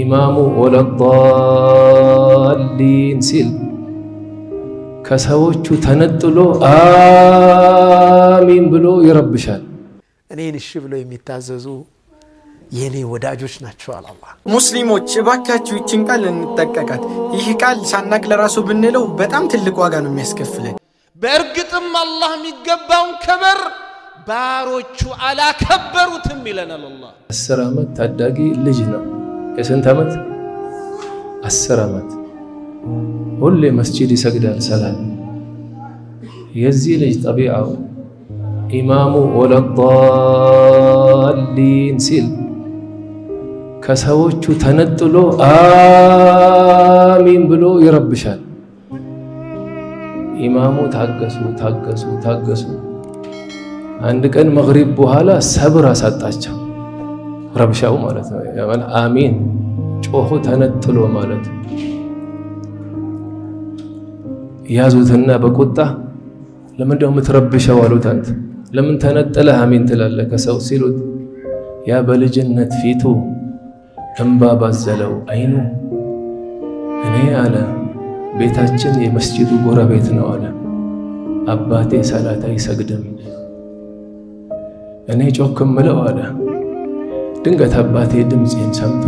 ኢማሙ ወለዳሊን ሲል ከሰዎቹ ተነጥሎ አሚን ብሎ ይረብሻል። እኔን እሺ ብሎ የሚታዘዙ የእኔ ወዳጆች ናቸው አለ ሙስሊሞች እባካችሁ ይችን ቃል እንጠቀቃት። ይህ ቃል ሳናቅ ለራሱ ብንለው በጣም ትልቅ ዋጋ ነው የሚያስከፍለን። በእርግጥም አላህ የሚገባውን ክብር ባሮቹ አላከበሩትም ይለናል አላህ። አስር ዓመት ታዳጊ ልጅ ነው የስንት ዓመት? አስር ዓመት ሁሌ መስጂድ ይሰግዳል። ሰላም የዚህ ልጅ ጠቢዓው ኢማሙ ወለዳሊን ሲል ከሰዎቹ ተነጥሎ አሚን ብሎ ይረብሻል። ኢማሙ ታገሱ ታገሱ ታገሱ። አንድ ቀን መግሪብ በኋላ ሰብር አሳጣቸው። ረብሻው ማለት ነው። አሚን ጮሁ ተነጥሎ ማለት ያዙትና በቁጣ ለምን ደው የምትረብሸው አሉት። አንተ ለምን ተነጥለህ አሚን ትላለህ ከሰው ሲሉት ያ በልጅነት ፊቱ እንባ ባዘለው አይኑ እኔ አለ ቤታችን የመስጂዱ ጎረቤት ነው አለ አባቴ ሰላት አይሰግድም እኔ ጮክ ምለው አለ ድንገት አባቴ ድምፄን ሰምቶ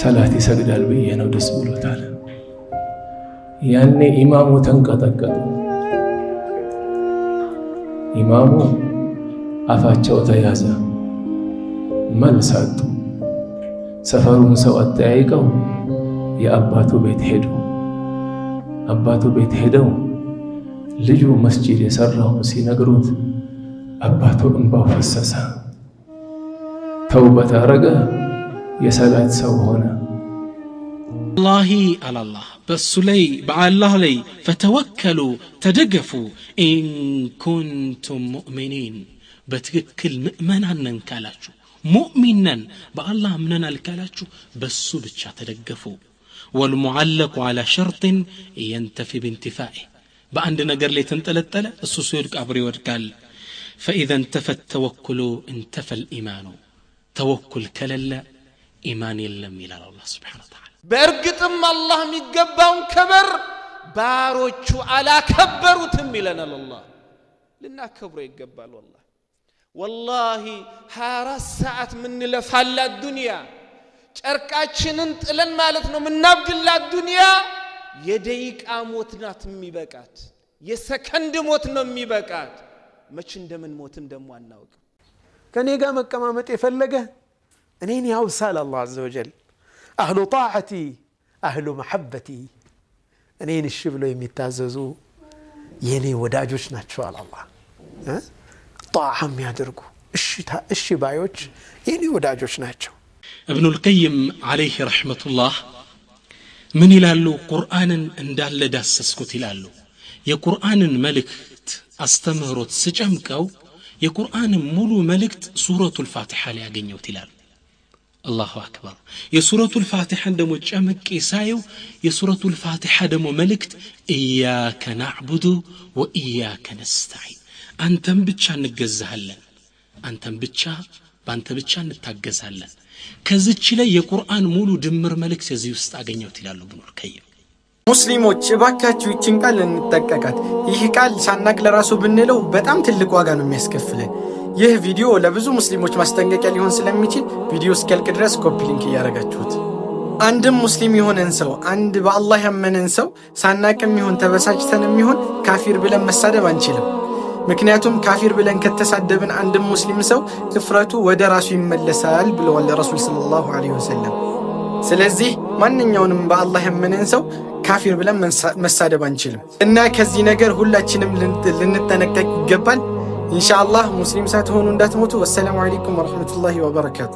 ሰላት ይሰግዳል ብዬ ነው ደስ ብሎታል። ያኔ ኢማሙ ተንቀጠቀጡ። ኢማሙ አፋቸው ተያዘ፣ መልስ አጡ። ሰፈሩን ሰው አጠያይቀው የአባቱ ቤት ሄዱ። አባቱ ቤት ሄደው ልጁ መስጂድ የሰራውን ሲነግሩት አባቱ እንባው ፈሰሰ። توبة رجا يسالات سو هنا الله على الله بس لي بعلّه لي فتوكلوا تدقفوا إن كنتم مؤمنين بتككل مؤمنا ننكالاتشو مؤمنا الله مننا الكالاتشو بس بتشا تدقفوا والمعلق على شرط ينتفي بانتفائه عندنا نجر لي تنتلت السوسيرك أبري وركال فإذا انتفى التوكل انتفى الإيمان ተወኩል ከሌለ ኢማን የለም ይላል አላ ስብን ተላ በእርግጥም አላህ የሚገባውን ክብር ባሮቹ አላከበሩትም ይለናል አላ ልናከብሮ ይገባል ወላ ወላሂ ሀያ አራት ሰዓት ምንለፋላት ዱንያ ጨርቃችንን ጥለን ማለት ነው ምናብድላት ዱንያ የደቂቃ ሞት ናት የሚበቃት የሰከንድ ሞት ነው የሚበቃት መች እንደምን ሞትም ደግሞ አናውቅም كنيجا مكما متي فلقة أنين أوصل الله عز وجل أهل طاعتي أهل محبتي أنيني الشبلو يمتاززو يني وداجوش على الله طاعة هم يدرقو الشتاء الشبايوش يني وداجوش نتشو ابن القيم عليه رحمة الله من يلالو قرآن اندال داسس كتلالو يا قرآن ملك أستمرت سجمكو የቁርአን ሙሉ መልእክት ሱረቱ ልፋቲሓ ላይ ያገኘውት ይላል አላሁ አክበር የሱረቱ ልፋቲሓን ደግሞ ጨምቄ ሳየው የሱረቱ ልፋቲሓ ደግሞ መልእክት እያከ ናዕቡዱ ወእያከ ነስተዒን አንተም ብቻ እንገዛሃለን አንተን ብቻ በአንተ ብቻ እንታገዛለን ከዚች ላይ የቁርአን ሙሉ ድምር መልእክት የዚህ ውስጥ አገኘውት ይላሉ ብኑል ሙስሊሞች እባካችሁ ይችን ቃል እንጠቀቃት። ይህ ቃል ሳናቅ ለራሱ ብንለው በጣም ትልቅ ዋጋ ነው የሚያስከፍለን። ይህ ቪዲዮ ለብዙ ሙስሊሞች ማስጠንቀቂያ ሊሆን ስለሚችል ቪዲዮ እስኪያልቅ ድረስ ኮፒ ሊንክ እያደረጋችሁት፣ አንድም ሙስሊም የሆነን ሰው አንድ በአላህ ያመነን ሰው ሳናቅም ይሁን ተበሳጭተንም የሚሆን ካፊር ብለን መሳደብ አንችልም። ምክንያቱም ካፊር ብለን ከተሳደብን አንድም ሙስሊም ሰው ክፍረቱ ወደ ራሱ ይመለሳል ብለዋል ረሱል ሰለላሁ ዐለይሂ ወሰለም። ስለዚህ ማንኛውንም በአላህ ያመነን ሰው ካፊር ብለን መሳደብ አንችልም እና ከዚህ ነገር ሁላችንም ልንጠነቀቅ ይገባል። ኢንሻአላህ ሙስሊም ሳትሆኑ እንዳትሞቱ። ወሰላሙ አለይኩም ወረሕመቱላሂ ወበረካቱ።